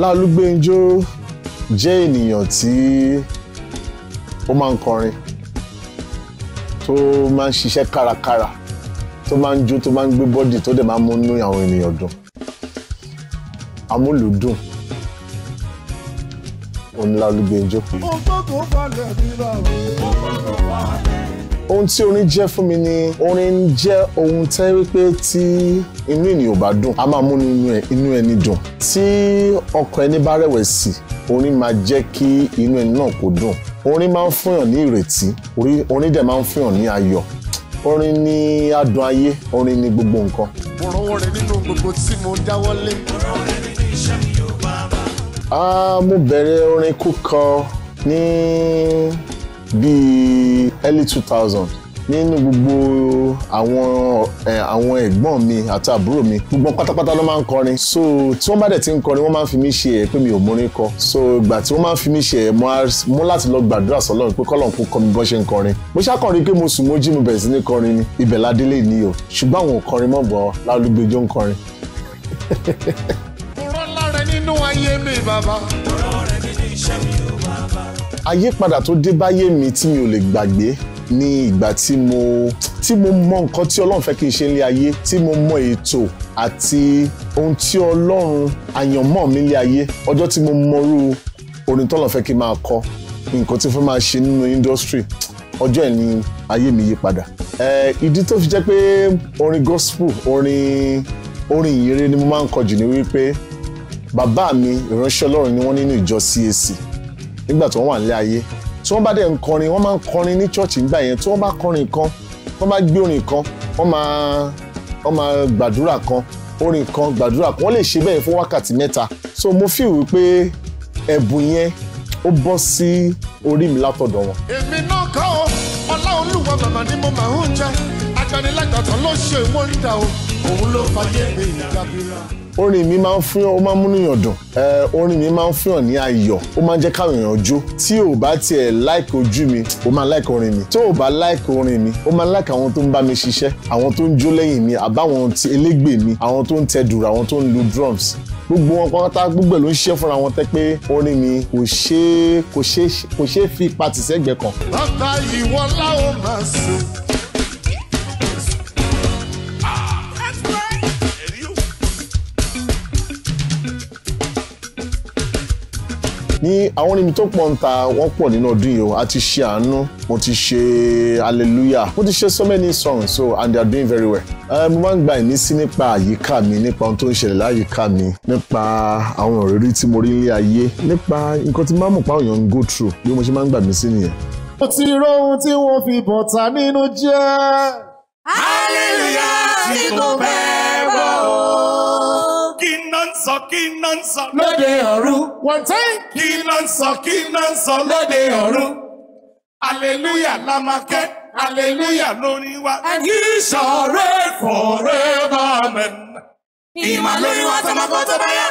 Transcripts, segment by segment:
Láolú Gbẹ́njọ́ jẹ́ ènìyàn tí ó máa ń kọrin tó máa ń ṣiṣẹ́ kárakára tó máa ń jó tó máa ń gbé bọ́dì tó dẹ̀ máa ń múnú àwọn ènìyàn dùn amúlùdùn òun Láolú Gbẹ́njọ́. ògbógbó balẹ̀ mi rà ó ògbógbó balẹ̀ ohun tí orin jẹ́ fún mi ni orin jẹ́ ohun tẹ́ wípé tí inú ènìyàn bá dùn a máa mú inú ẹni dùn tí ọkàn ẹni bá rẹ̀wẹ̀sì orin máa jẹ́ kí inú ẹni náà kó dùn orin máa ń fúnyàn ní ìrètí orin dẹ̀ máa ń fúnyàn ní ayọ̀ orin ni adùn ayé orin ni gbogbo nǹkan. mo rọwọ́ rẹ nínú gbogbo tí mo dáwọ́lé. mo rọwọ́ rẹ nínú iṣẹ́ mi yóò bá a bá. Ah, mo bẹ̀rẹ̀ orin kúkọ ní. Ni bíi early two thousand nínú gbogbo àwọn eh, àwọn ẹ̀gbọ́n mi àti àbúrò mi gbogbo pátápátá ló máa ń kọrin so tí wọ́n bá dẹ̀ ti ń kọrin wọ́n máa ń fi mí ṣe ẹ̀ pé mi ò mórin kọ so ìgbà tí wọ́n máa ń fi mí ṣe ẹ̀ mo láti lọ gbàdúrà sọ́lọ́run pé kọ́lọ́run kó kọ́ mi bọ́ ṣe ń kọrin mo ṣàkọrin pé mo sùn mo jí mo bẹ̀rẹ̀ sí ní kọrin ni ibẹ̀ ládélé ni o ṣùgbọ́n àwọn òkọrin mọ̀ bọ́ lálùgbẹ́jọ́ ń kọrin. ọ̀rọ̀ iṣẹ́ mi ò bàbá. àyípadà tó dé báyé mi tí mi ò lè gbàgbé ní ìgbà tí mo tí mo mọ nǹkan tí ọlọ́run fẹ́ kí n ṣe nílé ayé tí mo mọ ètò àti ohun tí ọlọ́run àyànmọ́ mi nílé ayé ọjọ́ tí mo mọrú orin tọ́lọ̀ fẹ́ kí n máa kọ nǹkan tí mo fẹ́ máa ṣe nínú industry ọjọ́ ẹ̀ ni ayé mi yí padà. ìdí tó fi jẹ́ pé orin gospel orin orin ìyìnrere ni mo máa ń kọ jù ní wípé bàbá mi ìránṣẹ́ ọlọ́run ni wọ́n nínú ìjọ CAC nígbà tí wọ́n wà nílé ayé tí wọ́n bá dẹ̀ ń kọrin wọ́n máa ń kọrin ní chọ́ọ̀chì nígbà yẹn tí wọ́n bá kọrin kan tí wọ́n bá gbé orin kan wọ́n máa wọ́n máa gbàdúrà kan orin kan gbàdúrà kan wọ́n lè ṣe bẹ́ẹ̀ fún wákàtí mẹ́ta so mo feel wípé ẹ̀bùn yẹn ó bọ́ sí orí mi látọ̀dọ̀ wọn. èmi náà kọ́ ọ ọlá olúwa bàbá ni mo máa ń jẹ́ fẹni ló ṣe wọ́ndà o òun ló fàyè gbé ìdábìrà. orin mi máa ń fún ọ máa ń múnú yàn dùn orin mi máa ń fún ọ ní ayọ̀ ó máa ń jẹ́ káwọn èèyàn jó tí ò bá tiẹ̀ láìkì ojú mi ó máa láìkì orin mi tó ò bá láìkì orin mi ó máa láìkì àwọn tó ń bá mi ṣiṣẹ́ àwọn tó ń jó lẹ́yìn mi àbáwọn elégbè mi àwọn tó ń tẹ dùrù àwọn tó ń lu drums gbogbo wọn pátá gbogbo ẹ ló ń ṣiṣẹ́ fúnra wọn tẹ́ pé orin mi kò ṣeé kò ṣeé fi patì sẹ́gbẹ̀ẹ́ kan. bàbá ìwọ láwọn máa sùn. ní àwọn orin tó pọ̀ ń ta wọ́n pọ̀ nínú ọdún yìí o a ti ṣe àánú mo ti ṣe hallelujah mo ti ṣe so many songs so and they are doing very well. mo máa ń gba ìmísí nípa àyíká mi nípa ohun tó ń ṣẹlẹ̀ láyìíká mi nípa àwọn òrírí tí mo rí nílé ayé nípa nǹkan tí máa pa òyàn ń go through bí mo ṣe máa ń gbà mí sí nìyẹn. mo ti róhun tí wọ́n fi bọ̀tà nínú jẹ́. hallelujah tí mo fẹ́ sọ kí iná ń sọ lóde ọ̀run. wọ́n tẹ́ kí iná ń sọ kí iná ń sọ lóde ọ̀run. hallelujah la máa kẹ́ hallelujah lórí wa. and he shall reign forever amen. ìmà lórí wa tọmọkọ tó bá yá.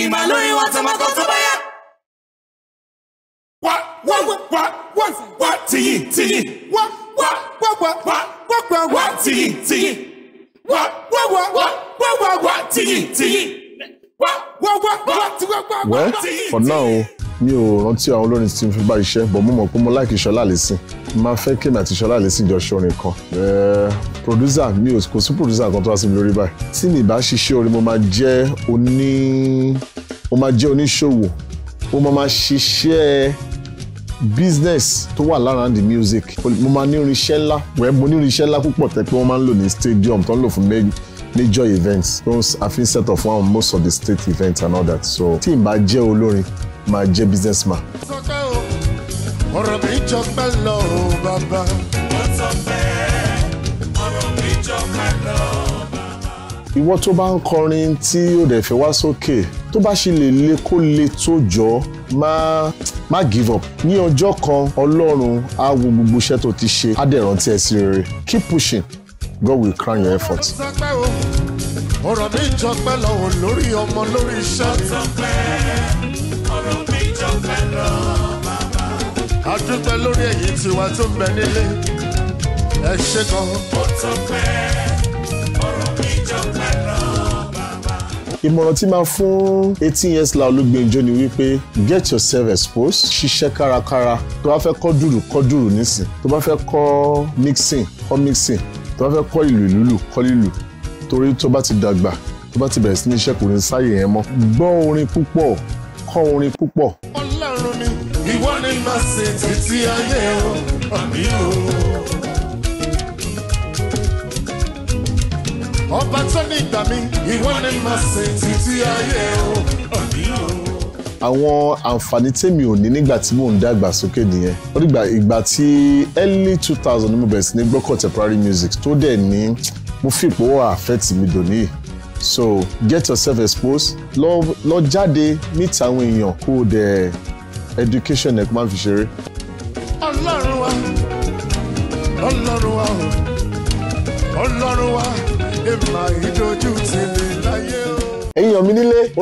ìmà lórí wa tọmọkọ tó bá yá. wá wá wá wá wá tìyí tìyí. wá wá wá wá wá wá tìyí wá for now mi ò rántí àwọn olórin tí mo fi bá iṣẹ́ bọ̀ mo mọ̀ pé mo láìkí Ṣọlá Allyson máa fẹ́ kémi àti Ṣọlá Allyson jọ ṣe orin kan eh, producer mi ò kò sí producer kan tó wá sí mi lórí báyìí tí mi bá ṣiṣẹ́ orin mo máa jẹ́ oní mo máa jẹ́ oníṣòwò mo máa ṣiṣẹ́ business tó wà lára the music mo máa ní irinṣẹ́ ńlá wẹ́ mo ní irinṣẹ́ ńlá púpọ̀ tẹ́ pé wọ́n máa ń lò ní stadium tó ń lò fún méjì major events those i fit set off one most of the state events and all that so tí n bá jẹ́ olórin máa jẹ́ businessman. ọ̀rọ̀ mi jọ pẹ́ lọ bàbá. wọ́n sọ pé ọ̀rọ̀ mi jọ pẹ́ lọ ìwọ tó bá ń kọrin tí ó dẹ̀ fẹ́ wá sókè tó bá ṣe lè le kó le tó jọ má má give up ní ọjọ́ kan ọlọ́run á wo gbogbo iṣẹ́ tó ti ṣe á dẹ̀ rántí ẹ sí rere keep pushing God will crown your effort. ọ̀rọ̀ mi jọpẹ́ lọ́wọ́ lórí ọmọ lórí iṣẹ́. ọ̀rọ̀ mi jọpẹ́ lọ́wọ́ bàbá. a dúpẹ́ lórí èyí tiwa tó ń bẹ nílé ẹ ṣe gan. ó ìmọ̀ràn tí máa fún eighteen years la olúgbẹ̀njọ́ ni wípé get yourself exposed ṣiṣẹ́ kárakára tó bá fẹ́ kọ́ dùrù kọ́ dùrù nísìn tó bá fẹ́ kọ́ mixing kọ́ mixing tó bá fẹ́ kọ́ ìlù lùlù kọ́ lílù torí tó bá ti dàgbà tó bá ti bẹ̀rẹ̀ sí ní iṣẹ́ kò ní sáyè yẹn mọ́ gbọ́ orin púpọ̀ kọ́ orin púpọ̀. ọlọ́run mi ìwọ ni màá ṣe títí ayé o àmì o. ọba tó ní ìgbà mi ìwọ ni màá sìn títí ayé o. àwọn àǹfààní tèmi ò ní nígbà tí mò ń dàgbà sókè nìyẹn ó dìgbà ìgbà tí early two thousand ni mo bẹ̀rẹ̀ sí ní gbọ́ contemporary music tó dẹ̀ ní mo fi ìpòwò àfẹ́tì mi dòní so get yourself exposed lọ lọ jáde meet àwọn èèyàn kó o dẹ̀ education ẹ̀ kó má fi ṣeré. ọlọ́run wa ọlọ́run wa o.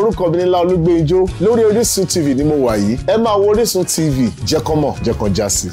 orúkọ mi nílá olúgbé ijó lórí Orísun TV ni mo wà yìí ẹ máa wo Orísun TV jẹ́kọ́mọ̀ jẹ́kọ́jásí.